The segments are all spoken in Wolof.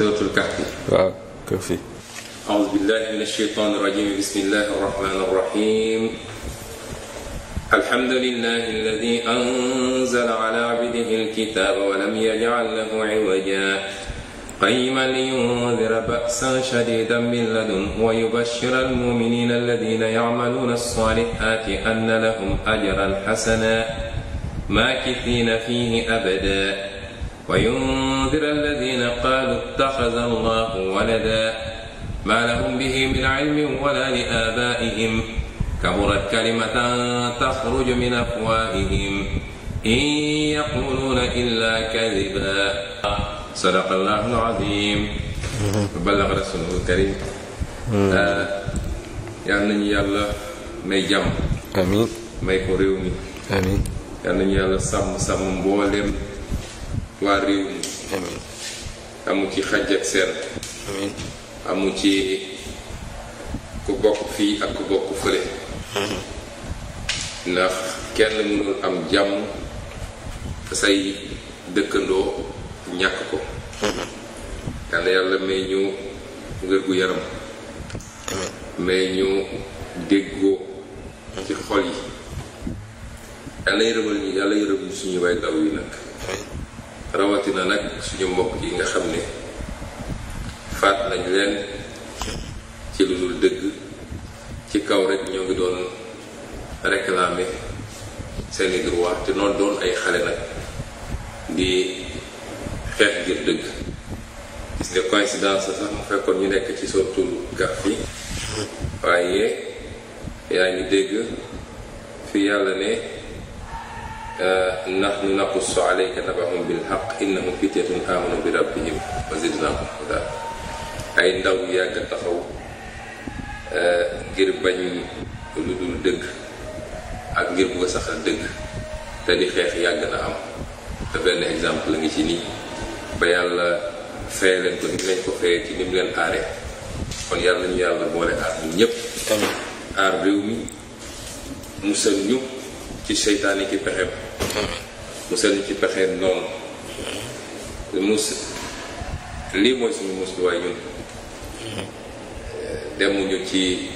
suratul kahfi waaw kahfi أعوذ بالله من الشيطان الرجيم بسم الله الرحمن الرحيم الحمد لله الذي أنزل على عبده الكتاب ولم يجعل له عوجا قيما لينذر بأسا شديدا من لدنه ويبشر المؤمنين الذين يعملون الصالحات أن لهم أجرا حسنا ماكثين فيه أبدا وينذر الذين قالوا اتخذ الله ولدا ما لهم به من علم ولا لآبائهم كبرت كلمة تخرج من أفواههم إن يقولون إلا كذبا صدق الله العظيم وبلغ رسوله الكريم yal nañu yàlla may jàmm amiin may ko réew mi amiin yal nañu yàlla sàmm sàmm mboolem waa réew mi amiin ci xaj ak seen amiin ci ku bokk fii ak ku bokk fële ndax kenn mënul am jàmm say dëkkandoo ñàkk ko yàlla yàlla may ñu ngër gu yaram may ñu déggoo ci xol yi yàlla yërëmal ñu yàlla yërëm ñu suñu way daw yi nag rawatina nag suñu mbokk yi nga xam ne faat nañ leen ci lu dul dëgg ci kaw rek ñoo ngi doon réclamer seeni droit te noonu doon ay xale nag di xeex ngir dëgg gis nga sax mu fekkoon ñu nekk ci sortul gaf yi hmm. waaye yaa ngi dégg fi yàlla ne nahnu naqussu alayka nabahum bilhaq innahum fityatun amanu bi rabbihim wa zidnahum huda ay ndaw yàgg taxaw ngir bañ lu dul dëgg ak ngir bugg a saxal dëgg te di xeex yàgg na am te benn exemple ngi ci nii ba yàlla feye ko ni lañ ko feye ci ni mu leen aaree kon yàlla ñu yàlla boole aar ñun ñépp aar réew mi musal ñu ci seytaane ci pexe musal ñu ci pexe noonu mus lii mooy suñu musluwaay ñun demuñu ci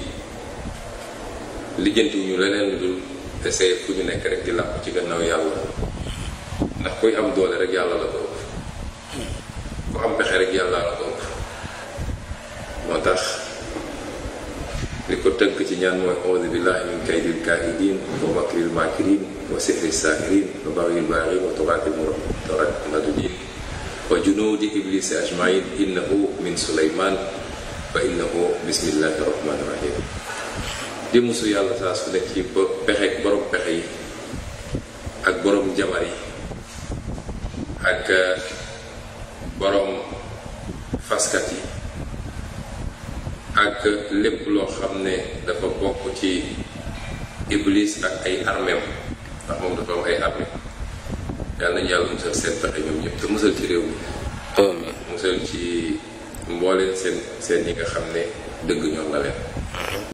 lijjantiwuñu leneen lu dul essayer fu ñu nekk di làpp ci gannaaw yàlla ndax kuy am doole rek yàlla la ko ku am pexe rek yàlla la ko moo tax li ko tënk ci ñaan mooy audu billahi min kaydil kaahidin wa makril maakirin wa sihri saahirin wa baghil baaghin wa tughaatil murtadin wa junuudi iblisi ajmain innahu min suleyman wa innahu bismillahi rahmani rahim di musu yàlla saa su nekk ci borom pexe yi ak borom jabar yi ak eh, borom faskat yi ak lépp loo xam ne dafa bokk ci iblis ak ay armeem ndax moom dafa am ay armée yàlla nañu yàlla musal seen pexe ñoom ñëpp te musal ci réew mi musal ci mbooleen seen seen yi nga xam ne dëgg ñoom la leen